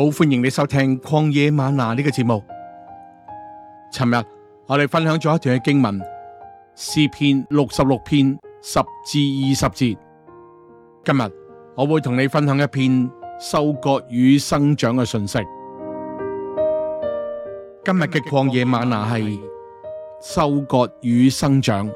好，歡迎你收聽曠野嗎哪呢、這個節目。尋日我哋分享咗一段嘅經文，詩篇六十六篇十至二十節。今日我會同你分享一篇收割與生長嘅訊息。今日嘅曠野嗎哪係收割與生長。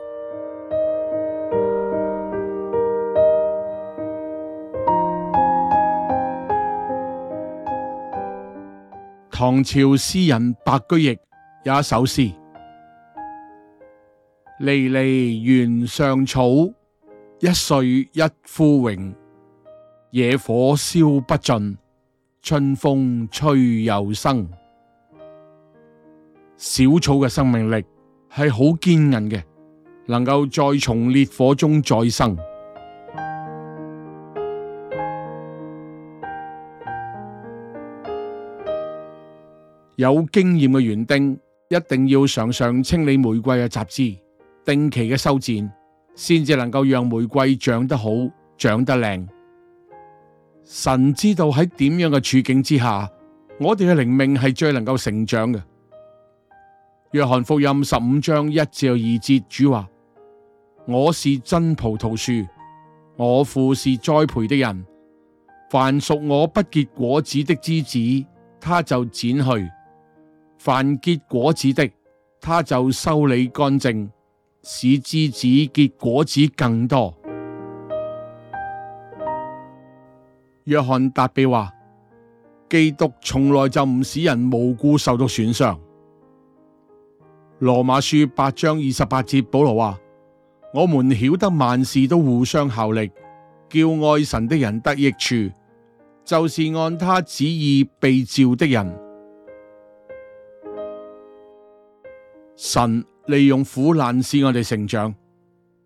唐朝詩人白居易有一首詩：離離原上草，一歲一枯榮。野火燒不盡，春風吹又生。小草嘅生命力係好堅韌嘅，能夠再從烈火中再生。有經驗嘅園丁一定要常常清理玫瑰嘅雜枝，定期嘅修剪，先至能夠讓玫瑰長得好、長得靚。神知道喺點樣嘅處境之下，我哋嘅靈命係最能夠成長嘅。約翰福音十五章一至二節，主話：我是真葡萄樹，我父是栽培的人。凡屬我不結果子的枝子，他就剪去。凡結果子的，他就修理乾淨，使枝子結果子更多。約翰達比話：基督從來就唔使人無故受到損傷。羅馬書八章二十八節，保羅話：我們曉得萬事都互相效力，叫愛神的人得益處，就是按他旨意被召的人。神利用苦難使我哋成長，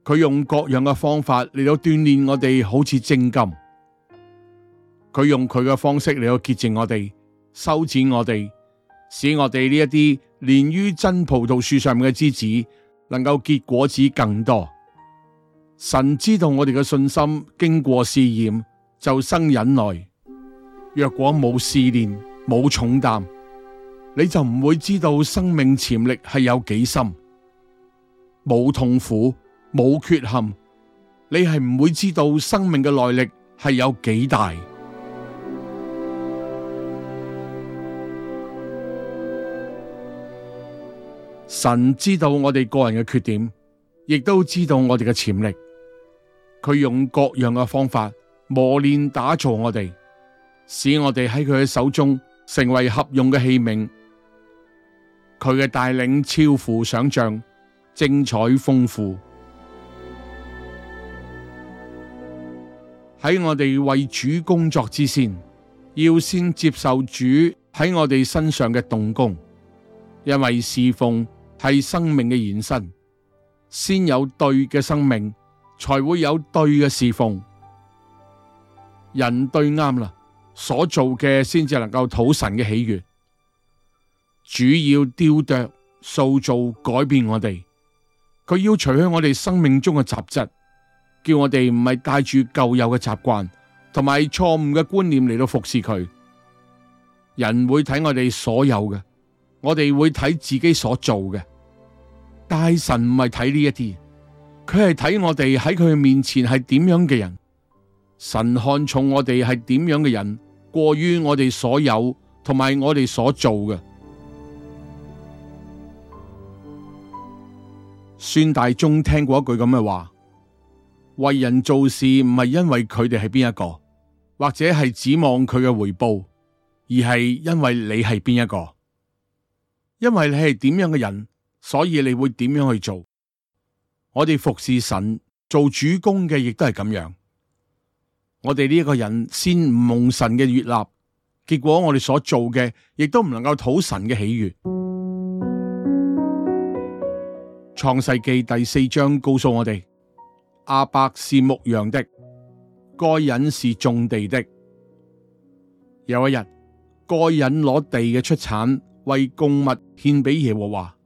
佢用各樣嘅方法嚟到鍛煉我哋，好似精金。佢用佢嘅方式嚟到潔淨我哋、修剪我哋，使我哋呢一啲連於真葡萄樹上面嘅枝子，能夠結果子更多。神知道我哋嘅信心經過試驗就生忍耐，若果冇試煉冇重擔。你就唔會知道生命潛力係有幾深，冇痛苦、冇缺陷，你係唔會知道生命嘅耐力係有幾大。神知道我哋個人嘅缺點，亦都知道我哋嘅潛力。佢用各樣嘅方法磨練打造我哋，使我哋喺佢嘅手中成為合用嘅器皿。佢嘅帶領超乎想象，精彩豐富。喺我哋為主工作之先，要先接受主喺我哋身上嘅動工，因為侍奉係生命嘅延伸，先有對嘅生命，才會有對嘅侍奉。人對啱啦，所做嘅先至能夠討神嘅喜悅。主要雕琢、塑造、改變我哋，佢要除去我哋生命中嘅雜質，叫我哋唔係帶住舊有嘅習慣同埋錯誤嘅觀念嚟到服侍佢。人會睇我哋所有嘅，我哋會睇自己所做嘅，但神唔係睇呢一啲，佢係睇我哋喺佢面前係點樣嘅人。神看重我哋係點樣嘅人，過於我哋所有同埋我哋所做嘅。孫大中聽過一句咁嘅話，為人做事唔係因為佢哋係邊一個，或者係指望佢嘅回報，而係因為你係邊一個，因為你係點樣嘅人，所以你會點樣去做。我哋服侍神做主公嘅，亦都係咁樣。我哋呢一個人先唔蒙神嘅悅納，結果我哋所做嘅，亦都唔能夠討神嘅喜悅。創世記第四章告訴我哋，亞伯是牧羊的，該隱是種地的。有一日，該隱攞地嘅出產為貢物獻俾耶和華，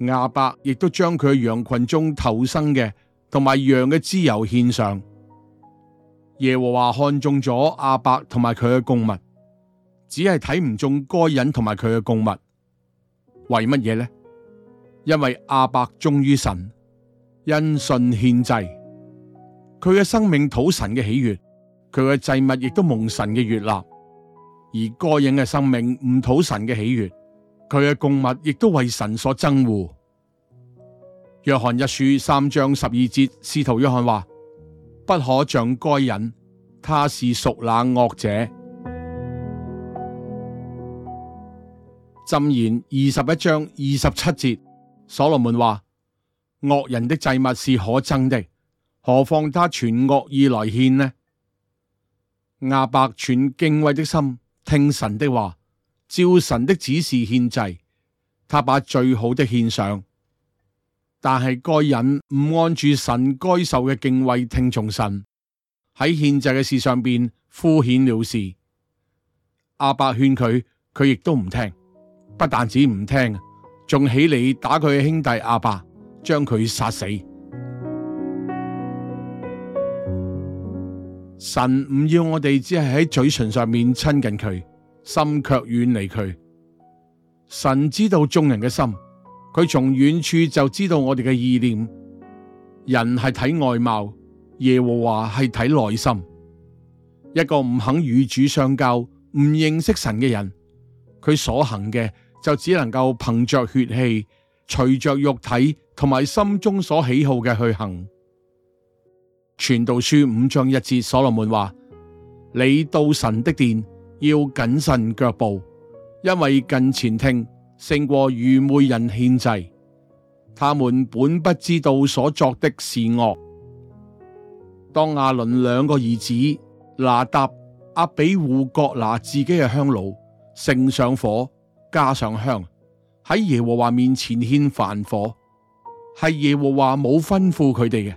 亞伯亦都將佢嘅羊群中頭生嘅同埋羊嘅脂油獻上。耶和華看中咗亞伯同埋佢嘅貢物，只係睇唔中該隱同埋佢嘅貢物，為乜嘢呢？因為亞伯忠於神，因信獻祭，佢嘅生命討神嘅喜悦，佢嘅祭物亦都蒙神嘅悦納；而該隱嘅生命唔討神嘅喜悦，佢嘅供物亦都為神所憎惡。約翰一書三章十二節，司徒約翰話：不可像該隱，他是屬那惡者。箴言二十一章二十七節。所羅門話：惡人的祭物是可憎的，何況他全惡意來獻呢？亞伯全敬畏的心，聽神的話，照神的指示獻祭，他把最好的獻上。但係該人唔按住神該受嘅敬畏，聽從神喺獻祭嘅事上邊敷衍了事。亞伯勸佢，佢亦都唔聽，不但止唔聽。仲起嚟打佢兄弟亞伯，將佢殺死。神唔要我哋只係喺嘴唇上面親近佢，心卻遠離佢。神知道眾人嘅心，佢從遠處就知道我哋嘅意念。人係睇外貌，耶和華係睇內心。一個唔肯與主相交、唔認識神嘅人，佢所行嘅，就只能夠憑着血氣，隨着肉體同埋心中所喜好嘅去行。傳道書五章一節，所羅門話：你到神的殿要謹慎腳步，因為近前聽勝過愚昧人獻祭。他們本不知道所作的是惡。當亞倫兩個兒子拿答、阿比戶各拿自己嘅香爐盛上火，加上香喺耶和華面前獻凡火，係耶和華冇吩咐佢哋嘅。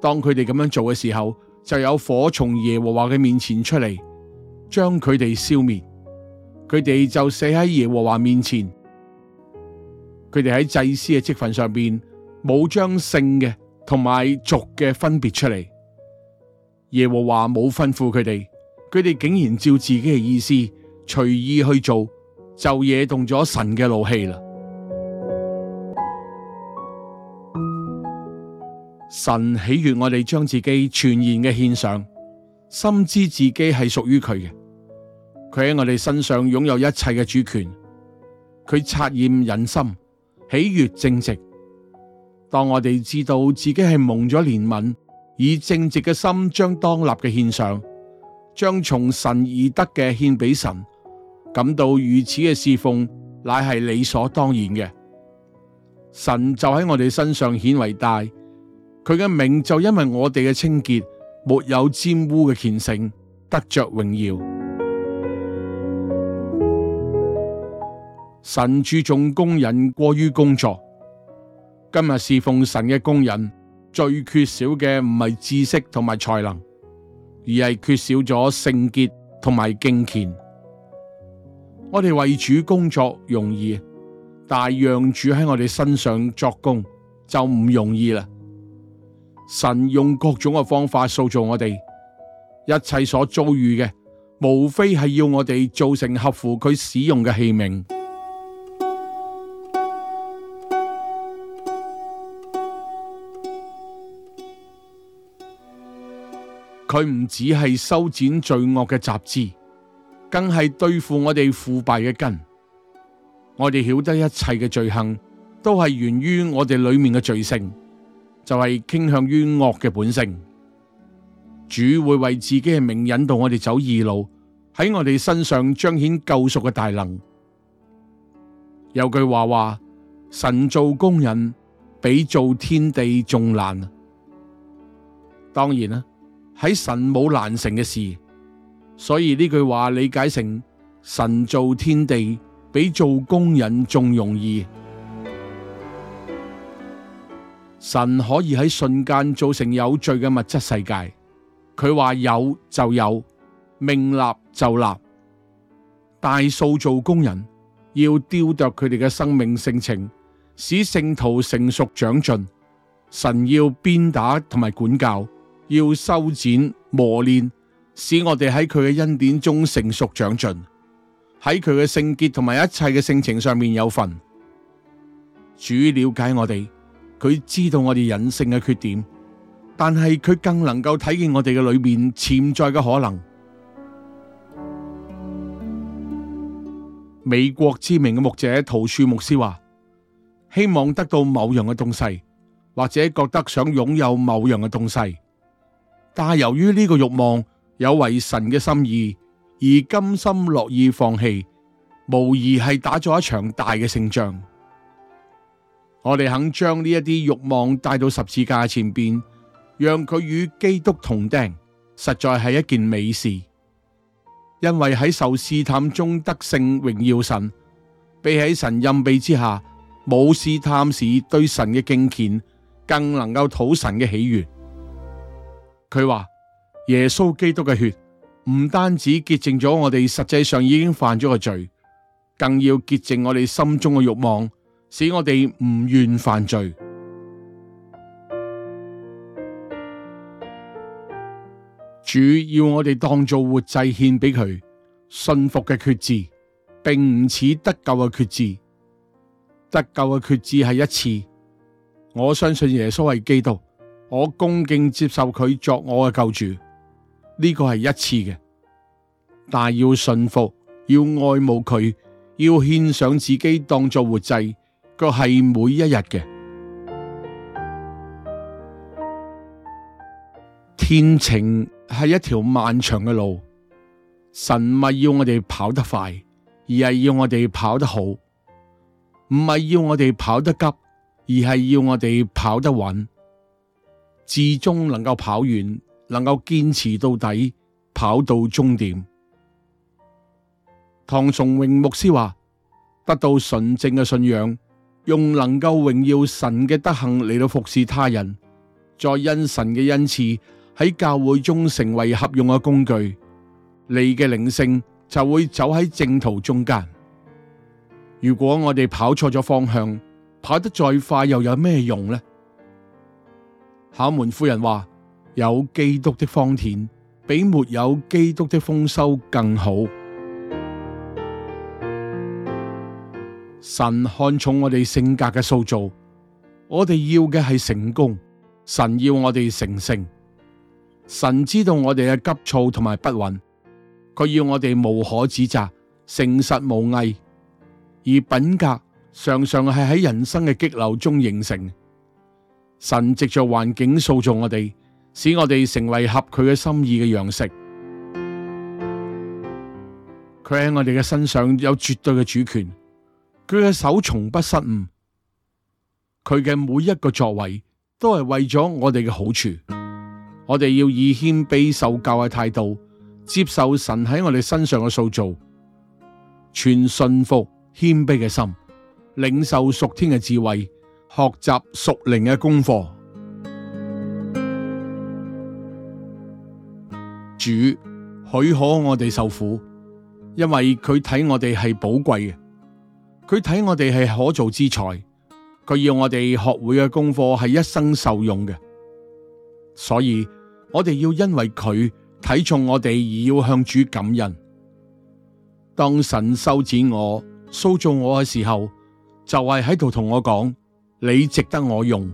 當佢哋咁樣做嘅時候，就有火從耶和華嘅面前出嚟，將佢哋消滅。佢哋就死喺耶和華面前。佢哋喺祭司嘅職份上邊冇將聖嘅同埋俗嘅分別出嚟。耶和華冇吩咐佢哋，佢哋竟然照自己嘅意思隨意去做。就惹動咗神嘅怒氣啦！神喜悅我哋將自己全然嘅獻上，深知自己係屬於佢嘅，佢喺我哋身上擁有一切嘅主權。佢察驗人心，喜悅正直。當我哋知道自己係蒙咗憐憫，以正直嘅心將當立嘅獻上，將從神而得嘅獻俾神。感到如此嘅侍奉乃係理所當然嘅，神就喺我哋身上顯為大，佢嘅名就因為我哋嘅清潔，沒有沾污嘅虔誠，得着榮耀。神注重工人過於工作，今日侍奉神嘅工人最缺少嘅唔係知識同埋才能，而係缺少咗聖潔同埋敬虔。我哋為主工作容易，但係讓主喺我哋身上作工就唔容易啦。神用各種嘅方法塑造我哋，一切所遭遇嘅，無非係要我哋造成合乎佢使用嘅器皿。佢唔止係修剪罪惡嘅雜質。更係對付我哋腐敗嘅根，我哋曉得一切嘅罪行都係源於我哋裏面嘅罪性，就係、是、傾向於惡嘅本性。主會為自己嘅名引導我哋走義路，喺我哋身上彰顯救贖嘅大能。有句話話：神做工人比做天地仲難。當然啦，喺神冇難成嘅事。所以呢句話理解成神造天地比做工人仲容易，神可以喺瞬間造成有罪嘅物質世界。佢話有就有，命立就立。大塑造工人要雕琢佢哋嘅生命性情，使聖徒成熟長進。神要鞭打同埋管教，要修剪磨練。使我哋喺佢嘅恩典中成熟長進，喺佢嘅聖潔同埋一切嘅性情上面有份。主了解我哋，佢知道我哋隱性嘅缺點，但係佢更能夠睇見我哋嘅裏面潛在嘅可能。美國知名嘅牧者陶恕牧師話：希望得到某樣嘅東西，或者覺得想擁有某樣嘅東西，但係由於呢個欲望。有為神嘅心意而甘心樂意放棄，無疑係打咗一場大嘅勝仗。我哋肯將呢一啲欲望帶到十字架前邊，讓佢與基督同釘，實在係一件美事。因為喺受試探中得勝榮耀神，比喺神蔭庇之下冇試探時，對神嘅敬虔，更能夠討神嘅喜悅。佢話。耶穌基督嘅血唔單止潔淨咗我哋，實際上已經犯咗嘅罪，更要潔淨我哋心中嘅欲望，使我哋唔願犯罪。主要我哋當做活祭獻俾佢，信服嘅決志，並唔似得救嘅決志。得救嘅決志係一次，我相信耶穌係基督，我恭敬接受佢作我嘅救主。呢個係一次嘅，但係要信服，要愛慕佢，要獻上自己當做活祭，個係每一日嘅。天程係一條漫長嘅路，神唔係要我哋跑得快，而係要我哋跑得好，唔係要我哋跑得急，而係要我哋跑得穩，至終能夠跑遠。能夠堅持到底，跑到終點。唐崇榮牧師話：「得到純正嘅信仰，用能夠榮耀神嘅德行嚟到服侍他人，再因神嘅恩賜喺教會中成為合用嘅工具，你嘅靈性就會走喺正途中間。如果我哋跑錯咗方向，跑得再快又有咩用呢？」考門夫人話。有基督的荒田，比沒有基督的豐收更好。神看重我哋性格嘅塑造，我哋要嘅係成功。神要我哋成聖，神知道我哋嘅急躁同埋不穩，佢要我哋無可指責、誠實無偽。而品格常常係喺人生嘅激流中形成。神藉著環境塑造我哋。使我哋成為合佢嘅心意嘅樣式，佢喺我哋嘅身上有絕對嘅主權，佢嘅手從不失誤，佢嘅每一個作為都係為咗我哋嘅好處。我哋要以謙卑受教嘅態度接受神喺我哋身上嘅塑造，全信服謙卑嘅心，領受屬天嘅智慧，學習屬靈嘅功課。主許可我哋受苦，因為佢睇我哋係寶貴嘅，佢睇我哋係可造之材，佢要我哋學會嘅功課係一生受用嘅，所以我哋要因為佢睇重我哋而要向主感恩。當神修剪我、塑造我嘅時候，就係喺度同我講：你值得我用。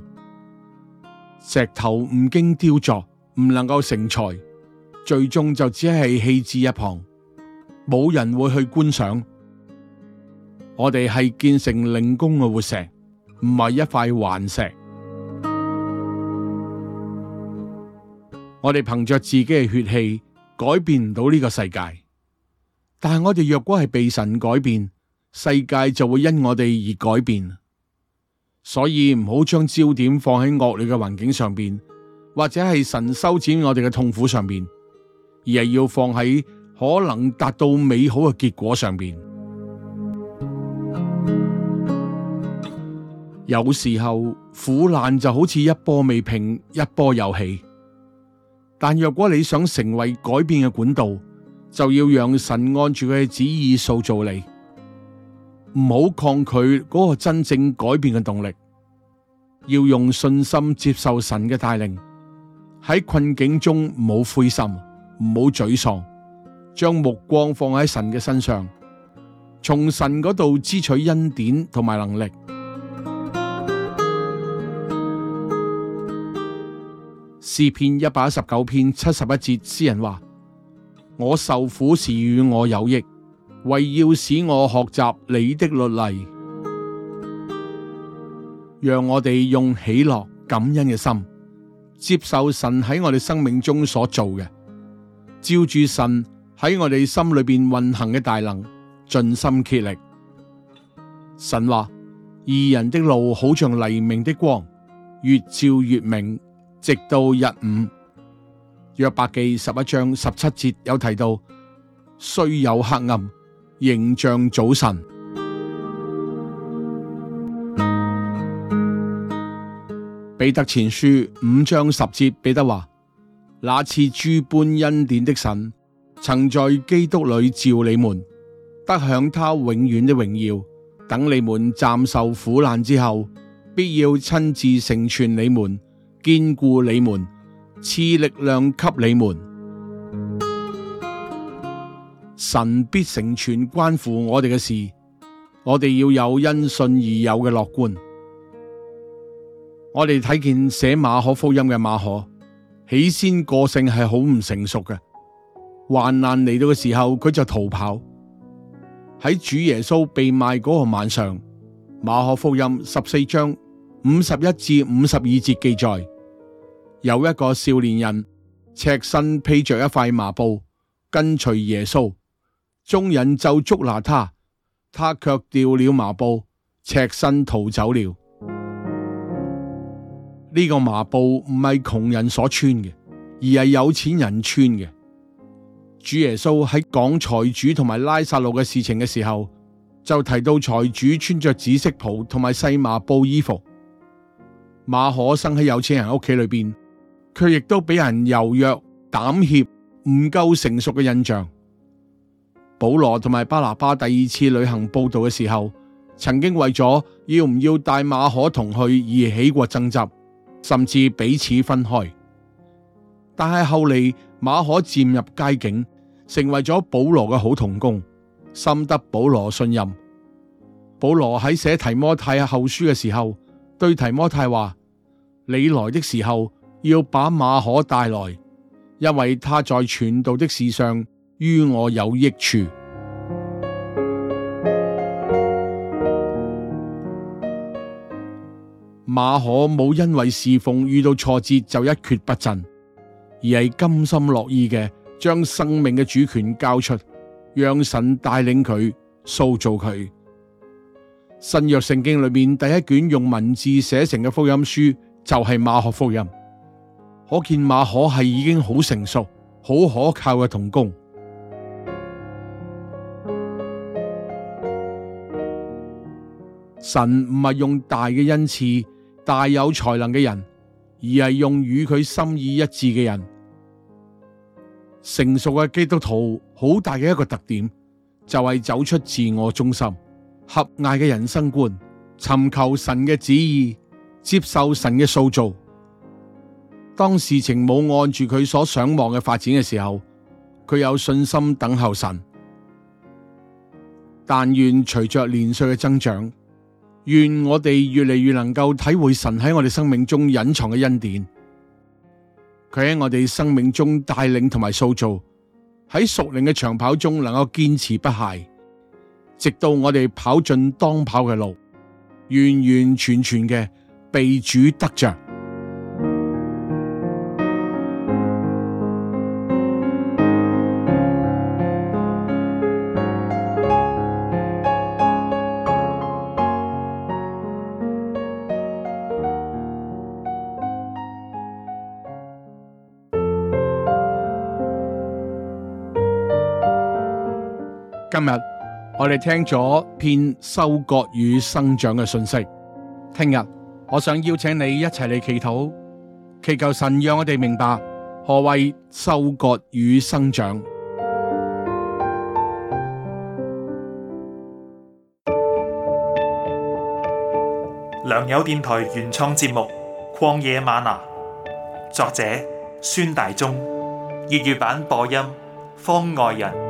石頭唔經雕琢唔能夠成材。最終就只係棄置一旁，冇人會去觀賞。我哋係建成靈宮嘅活石，唔係一塊頑石。我哋憑着自己嘅血氣改變唔到呢個世界，但係我哋若果係被神改變，世界就會因我哋而改變。所以唔好將焦點放喺惡劣嘅環境上邊，或者係神修剪我哋嘅痛苦上邊。而係要放喺可能達到美好嘅結果上邊。 有時候苦難就好似一波未平一波又起，但若果你想成為改變嘅管道，就要讓神按住佢嘅旨意塑造你，唔好抗拒嗰個真正改變嘅動力，要用信心接受神嘅帶領，喺困境中唔好灰心。唔好沮喪，將目光放喺神嘅身上，從神嗰度支取恩典同埋能力。詩篇一百一十九篇七十一節，詩人話：我受苦是與我有益，為要使我學習你的律例。讓我哋用喜樂感恩嘅心，接受神喺我哋生命中所做嘅。照住神喺我哋心裏邊運行嘅大能，盡心竭力。神話，二人的路，好像黎明的光，越照越明，直到日午。約伯記十一章十七節有提到，雖有黑暗，仍像早晨。彼得前書五章十節，彼得話。那賜諸般恩典的神，曾在基督裏召你們，得享他永遠的榮耀。等你們暫受苦難之後，必要親自成全你們，堅固你們，賜力量給你們。神必成全關乎我哋嘅事，我哋要有因信而有嘅樂觀。我哋睇見寫馬可福音嘅馬可。起先個性係好唔成熟嘅，患難嚟到嘅時候佢就逃跑。喺主耶穌被賣嗰個晚上，馬可福音十四章五十一至五十二節記載，有一個少年人赤身披着一塊麻布跟隨耶穌，眾人就捉拿他，他卻掉了麻布，赤身逃走了。呢個麻布唔係窮人所穿嘅，而係有錢人穿嘅。主耶穌喺講財主同埋拉撒路嘅事情嘅時候，就提到財主穿着紫色袍同埋細麻布衣服。馬可生喺有錢人屋企裏邊，佢亦都俾人柔弱膽怯、唔夠成熟嘅印象。保羅同埋巴拿巴第二次旅行報道嘅時候，曾經為咗要唔要帶馬可同去而起過爭執。甚至彼此分開，但係後嚟馬可漸入佳境，成為咗保羅嘅好同工，深得保羅信任。保羅喺寫提摩太後書嘅時候，對提摩太話：你來的時候，要把馬可帶來，因為他在傳道的事上於我有益處。馬可冇因為侍奉遇到挫折就一蹶不振，而係甘心樂意嘅將生命嘅主權交出，讓神帶領佢、塑造佢。新約聖經裏面第一卷用文字寫成嘅福音書就係馬可福音，可見馬可係已經好成熟、好可靠嘅同工。神唔係用大嘅恩賜。大有才能嘅人，而係用與佢心意一致嘅人。成熟嘅基督徒好大嘅一個特點，就係、是、走出自我中心，狹隘嘅人生觀，尋求神嘅旨意，接受神嘅塑造。當事情冇按住佢所想望嘅發展嘅時候，佢有信心等候神。但願隨着年歲嘅增長。願我哋越嚟越能夠體會神喺我哋生命中隱藏嘅恩典，佢喺我哋生命中帶領同埋塑造，喺屬靈嘅長跑中能夠堅持不懈，直到我哋跑盡當跑嘅路，完完全全嘅被主得着。今日我哋聽咗篇《收割與生長》嘅信息，聽日我想邀請你一齊嚟祈禱，祈求神讓我哋明白何謂收割與生長。良友電台原創節目《曠野瑪拿》，作者孫大中，粵語版播音方外人。